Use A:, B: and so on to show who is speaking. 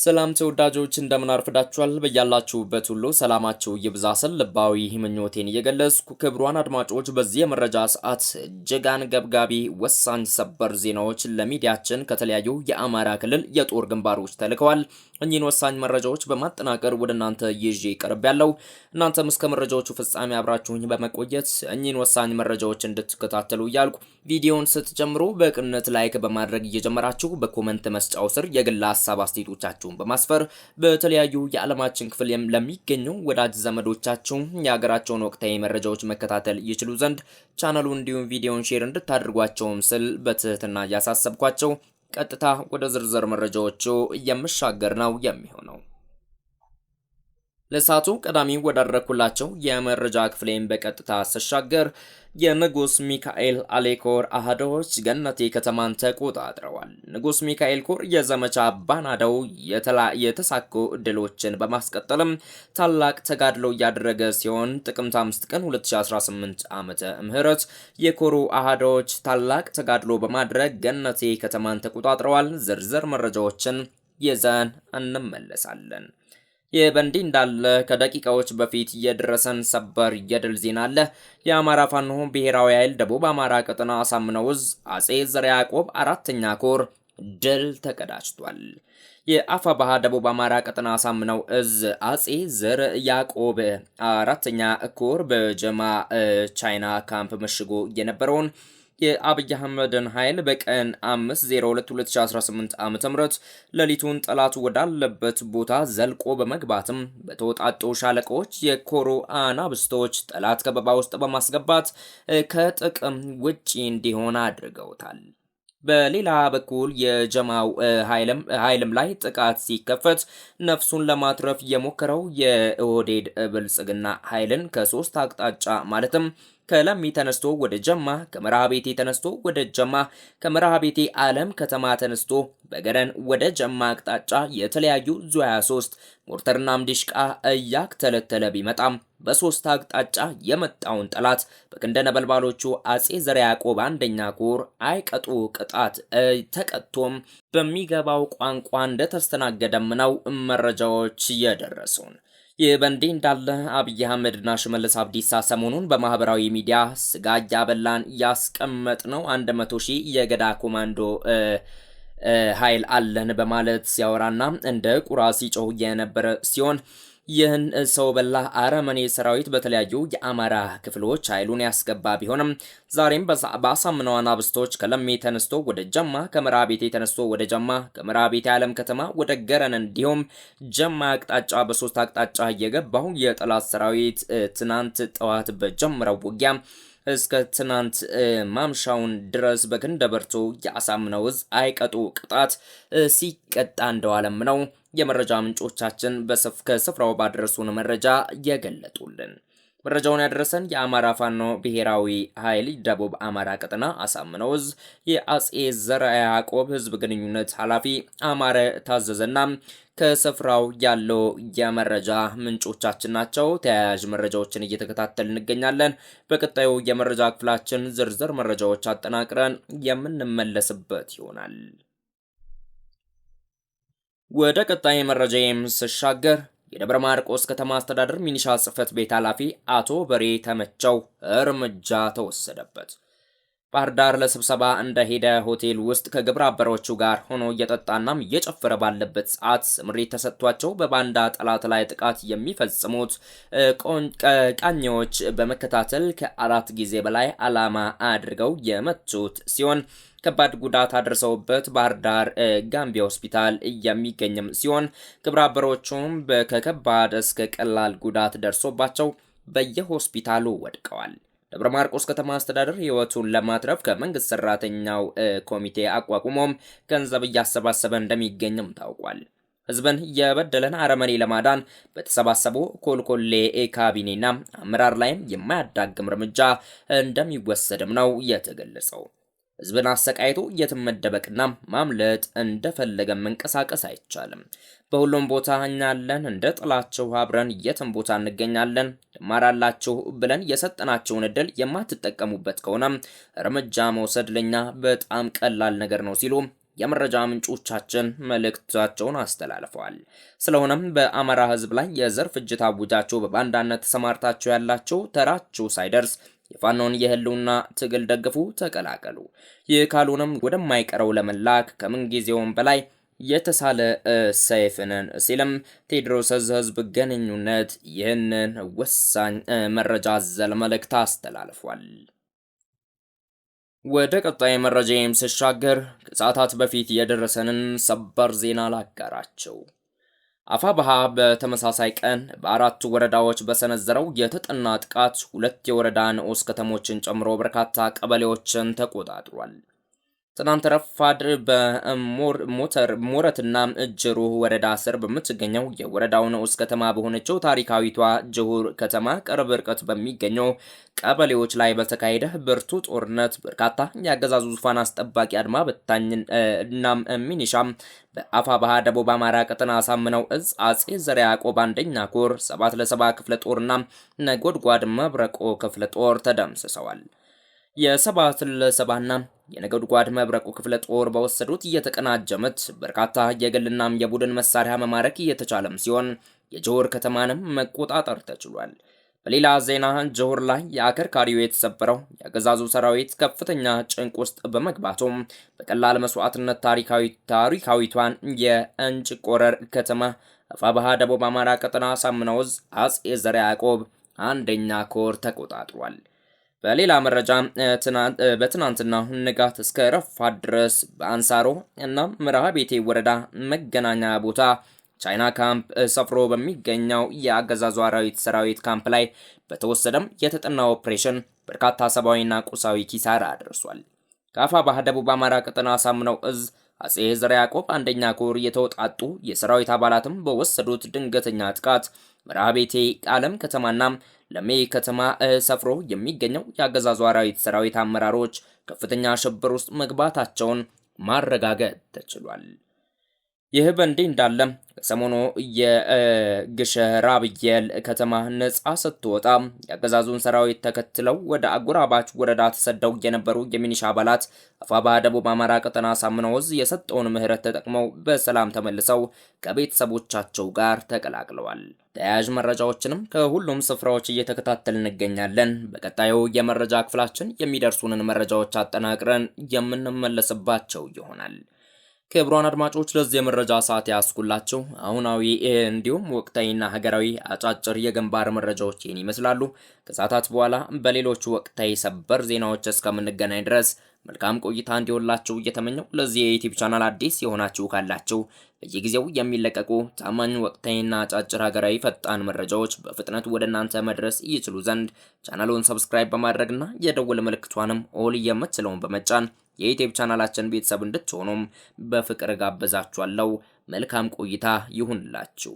A: ሰላም ተወዳጆች እንደምን አርፍዳችኋል። በያላችሁበት ሁሉ ሰላማችሁ ይብዛ ልባዊ ምኞቴን እየገለጽኩ ክብሯን አድማጮች በዚህ የመረጃ ሰዓት እጅግ አንገብጋቢ ወሳኝ ሰበር ዜናዎች ለሚዲያችን ከተለያዩ የአማራ ክልል የጦር ግንባሮች ተልከዋል። እኚህን ወሳኝ መረጃዎች በማጠናቀር ወደ እናንተ ይዤ ይቀርብ ያለው እናንተም እስከ መረጃዎቹ ፍጻሜ አብራችሁኝ በመቆየት እኚህን ወሳኝ መረጃዎች እንድትከታተሉ እያልኩ ቪዲዮውን ስትጀምሩ በቅንነት ላይክ በማድረግ እየጀመራችሁ በኮመንት መስጫው ስር የግል ሀሳብ አስተያየቶቻችሁ ራሳችሁን በማስፈር በተለያዩ የዓለማችን ክፍል ለሚገኙ ወዳጅ ዘመዶቻችሁ የሀገራቸውን ወቅታዊ መረጃዎች መከታተል ይችሉ ዘንድ ቻናሉ እንዲሁም ቪዲዮን ሼር እንድታደርጓቸውም ስል በትህትና እያሳሰብኳቸው ቀጥታ ወደ ዝርዝር መረጃዎቹ የምሻገር ነው የሚሆነው። ለሰዓቱ ቀዳሚ ወዳደረኩላቸው የመረጃ ክፍሌን በቀጥታ ስሻገር የንጉስ ሚካኤል አሌኮር አህዶች ገነቴ ከተማን ተቆጣጥረዋል። ንጉስ ሚካኤል ኮር የዘመቻ ባናደው የተሳኩ ድሎችን በማስቀጠልም ታላቅ ተጋድሎ እያደረገ ሲሆን ጥቅምት 5 ቀን 2018 ዓ ምህረት የኮሩ አህዶች ታላቅ ተጋድሎ በማድረግ ገነቴ ከተማን ተቆጣጥረዋል። ዝርዝር መረጃዎችን ይዘን እንመለሳለን። ይህ በእንዲህ እንዳለ ከደቂቃዎች በፊት የደረሰን ሰበር የድል ዜና አለ። የአማራ ፋኖ ብሔራዊ ኃይል ደቡብ አማራ ቀጠና አሳምነው ዕዝ አጼ ዘርዓ ያዕቆብ አራተኛ ኮር ድል ተቀዳጅቷል። የአፋ ባህ ደቡብ አማራ ቀጠና አሳምነው እዝ አጼ ዘር ያዕቆብ አራተኛ ኮር በጀማ ቻይና ካምፕ መሽጎ የነበረውን የአብይ አህመድን ኃይል በቀን 5/02/2018 ዓ ሌሊቱን ጠላቱ ወዳለበት ቦታ ዘልቆ በመግባትም በተወጣጡ ሻለቃዎች የኮሮ አናብስቶች ጠላት ከበባ ውስጥ በማስገባት ከጥቅም ውጪ እንዲሆን አድርገውታል። በሌላ በኩል የጀማው ኃይልም ላይ ጥቃት ሲከፈት ነፍሱን ለማትረፍ የሞከረው የኦህዴድ ብልጽግና ኃይልን ከሶስት አቅጣጫ ማለትም ከለሚ ተነስቶ ወደ ጀማ፣ ከመርሃ ቤቴ ተነስቶ ወደ ጀማ፣ ከመርሃ ቤቴ አለም ከተማ ተነስቶ በገረን ወደ ጀማ አቅጣጫ የተለያዩ ዙ 23 ሞርተርና ምድሽቃ እያክተለተለ ቢመጣም በሶስት አቅጣጫ የመጣውን ጠላት በክንደ ነበልባሎቹ አጼ ዘርዓ ያዕቆብ አንደኛ ኮር አይቀጡ ቅጣት ተቀጥቶም በሚገባው ቋንቋ እንደተስተናገደም ነው መረጃዎች የደረሱን። ይህ በእንዲህ እንዳለ አብይ አህመድና ሽመልስ አብዲሳ ሰሞኑን በማህበራዊ ሚዲያ ስጋ እያበላን ያስቀመጥ ነው አንድ መቶ ሺህ የገዳ ኮማንዶ ኃይል አለን በማለት ሲያወራና እንደ ቁራ ሲጮህ የነበረ ሲሆን ይህን ሰው በላ አረመኔ ሰራዊት በተለያዩ የአማራ ክፍሎች ኃይሉን ያስገባ ቢሆንም ዛሬም በአሳምነው አናብስቶች ከለሜ ተነስቶ ወደ ጀማ፣ ከምራ ቤቴ ተነስቶ ወደ ጀማ፣ ከምራ ቤቴ ዓለም ከተማ ወደ ገረን እንዲሁም ጀማ አቅጣጫ በሶስት አቅጣጫ እየገባው የጠላት ሰራዊት ትናንት ጠዋት በጀምረው ውጊያ እስከ ትናንት ማምሻውን ድረስ በግንደበርቱ የአሳምነው እዝ አይቀጡ ቅጣት ሲቀጣ እንደዋለም ነው የመረጃ ምንጮቻችን ከስፍራው ባደረሱን መረጃ የገለጡልን። መረጃውን ያደረሰን የአማራ ፋኖ ብሔራዊ ኃይል ደቡብ አማራ ቀጠና አሳምነው እዝ የአጼ ዘርዓ ያዕቆብ ህዝብ ግንኙነት ኃላፊ አማረ ታዘዘና ከስፍራው ያለው የመረጃ ምንጮቻችን ናቸው። ተያያዥ መረጃዎችን እየተከታተል እንገኛለን። በቀጣዩ የመረጃ ክፍላችን ዝርዝር መረጃዎች አጠናቅረን የምንመለስበት ይሆናል። ወደ ቀጣይ መረጃ ስሻገር የደብረ ማርቆስ ከተማ አስተዳደር ሚኒሻ ጽህፈት ቤት ኃላፊ አቶ በሬ ተመቸው እርምጃ ተወሰደበት። ባህር ዳር ለስብሰባ እንደሄደ ሆቴል ውስጥ ከግብረ አበሮቹ ጋር ሆኖ እየጠጣናም እየጨፈረ ባለበት ሰዓት ምሬት ተሰጥቷቸው በባንዳ ጠላት ላይ ጥቃት የሚፈጽሙት ቃኘዎች በመከታተል ከአራት ጊዜ በላይ አላማ አድርገው የመቱት ሲሆን ከባድ ጉዳት አድርሰውበት ባህር ዳር ጋምቢያ ሆስፒታል የሚገኝም ሲሆን ግብረ አበሮቹም ከከባድ እስከ ቀላል ጉዳት ደርሶባቸው በየሆስፒታሉ ወድቀዋል። ደብረ ማርቆስ ከተማ አስተዳደር ህይወቱን ለማትረፍ ከመንግስት ሰራተኛው ኮሚቴ አቋቁሞም ገንዘብ እያሰባሰበ እንደሚገኝም ታውቋል። ህዝብን የበደለን አረመኔ ለማዳን በተሰባሰቡ ኮልኮሌ ካቢኔና አመራር ላይም የማያዳግም እርምጃ እንደሚወሰድም ነው የተገለጸው። ህዝብን አሰቃይቶ የትም መደበቅና ማምለጥ እንደፈለገ መንቀሳቀስ አይቻልም። በሁሉም ቦታ እኛለን። እንደ ጥላችሁ አብረን የትም ቦታ እንገኛለን። ትማራላችሁ ብለን የሰጠናቸውን እድል የማትጠቀሙበት ከሆነ እርምጃ መውሰድ ለኛ በጣም ቀላል ነገር ነው ሲሉ የመረጃ ምንጮቻችን መልእክታቸውን አስተላልፈዋል። ስለሆነም በአማራ ህዝብ ላይ የዘር ፍጅት አውጃችሁ በባንዳነት ተሰማርታችሁ ያላችሁ ተራችሁ ሳይደርስ የፋኖን የህልውና ትግል ደግፉ፣ ተቀላቀሉ። ይህ ካልሆነም ወደማይቀረው ለመላክ ከምንጊዜውም በላይ የተሳለ ሰይፍንን ሲልም ቴዎድሮስ ህዝብ ግንኙነት ይህንን ወሳኝ መረጃ አዘል መልእክት አስተላልፏል። ወደ ቀጣይ መረጃም ስሻገር ከሰዓታት በፊት የደረሰንን ሰበር ዜና ላጋራቸው። አፋብሃ በተመሳሳይ ቀን በአራቱ ወረዳዎች በሰነዘረው የተጠና ጥቃት ሁለት የወረዳ ንዑስ ከተሞችን ጨምሮ በርካታ ቀበሌዎችን ተቆጣጥሯል። ትናንት ረፋድ በሞተር ሞረትና ጅሩ ወረዳ ስር በምትገኘው የወረዳው ንዑስ ከተማ በሆነችው ታሪካዊቷ ጅሁር ከተማ ቅርብ ርቀት በሚገኘው ቀበሌዎች ላይ በተካሄደ ብርቱ ጦርነት በርካታ የአገዛዙ ዙፋን አስጠባቂ አድማ በታኝ እናም ሚኒሻም በአፋ ባህ ደቡብ አማራ ቀጠና አሳምነው እዝ አጼ ዘርዓ ያዕቆብ አንደኛ ኮር ሰባት ለሰባ ክፍለ ጦርና ነጎድጓድ መብረቆ ክፍለ ጦር ተደምስሰዋል። የሰባት ለሰባና ጓድ መብረቁ ክፍለ ጦር በወሰዱት እየተቀናጀ ምት በርካታ የግልናም የቡድን መሳሪያ መማረክ እየተቻለም ሲሆን የጆር ከተማንም መቆጣጠር ተችሏል። በሌላ ዜና ጆር ላይ የአከርካሪው የተሰበረው የአገዛዙ ሰራዊት ከፍተኛ ጭንቅ ውስጥ በመግባቱም በቀላል መስዋዕትነት ታሪካዊ ታሪካዊቷን ቆረር ከተማ አፋባሃ ደቡብ አማራ ቀጠና ሳምናውዝ አጼ ዘርዓ ያዕቆብ አንደኛ ኮር ተቆጣጥሯል። በሌላ መረጃ በትናንትና ንጋት እስከ ረፋድ ድረስ በአንሳሮ እና መርሃ ቤቴ ወረዳ መገናኛ ቦታ ቻይና ካምፕ ሰፍሮ በሚገኘው የአገዛዙ አራዊት ሰራዊት ካምፕ ላይ በተወሰደም የተጠና ኦፕሬሽን በርካታ ሰብአዊና ቁሳዊ ኪሳራ አድርሷል። ከአፋ ባህ ደቡብ አማራ ቀጠና አሳምነው እዝ አጼ ዘርዓ ያዕቆብ አንደኛ ኮር የተወጣጡ የሰራዊት አባላትም በወሰዱት ድንገተኛ ጥቃት ምራቤቴ ቃለም ከተማና ለሜ ከተማ ሰፍሮ የሚገኘው የአገዛዙ አራዊት ሰራዊት አመራሮች ከፍተኛ ሽብር ውስጥ መግባታቸውን ማረጋገጥ ተችሏል። ይህ በእንዲህ እንዳለ ከሰሞኑ የግሸ ራብየል ከተማ ነጻ ስትወጣ የአገዛዙን ሰራዊት ተከትለው ወደ አጎራባች ወረዳ ተሰደው የነበሩ የሚኒሻ አባላት አፋባ ደቡብ አማራ ቀጠና ሳምነው የሰጠውን ምህረት ተጠቅመው በሰላም ተመልሰው ከቤተሰቦቻቸው ጋር ተቀላቅለዋል። ተያያዥ መረጃዎችንም ከሁሉም ስፍራዎች እየተከታተል እንገኛለን። በቀጣዩ የመረጃ ክፍላችን የሚደርሱንን መረጃዎች አጠናቅረን የምንመለስባቸው ይሆናል። ክቡራን አድማጮች ለዚህ የመረጃ ሰዓት ያስኩላቸው አሁናዊ እንዲሁም ወቅታዊና ሀገራዊ አጫጭር የግንባር መረጃዎች ይህን ይመስላሉ። ከሰዓታት በኋላ በሌሎች ወቅታዊ ሰበር ዜናዎች እስከምንገናኝ ድረስ መልካም ቆይታ እንዲሆንላችሁ እየተመኘው ለዚህ የዩቲዩብ ቻናል አዲስ የሆናችሁ ካላችሁ በየጊዜው የሚለቀቁ ታማኝ ወቅታዊና አጫጭር ሀገራዊ ፈጣን መረጃዎች በፍጥነት ወደ እናንተ መድረስ ይችሉ ዘንድ ቻናሉን ሰብስክራይብ በማድረግና የደወል ምልክቷንም ኦል የምትለውን በመጫን የኢትዮፕ ቻናላችን ቤተሰብ እንድትሆኑም በፍቅር ጋበዛችኋለሁ። መልካም ቆይታ ይሁንላችሁ።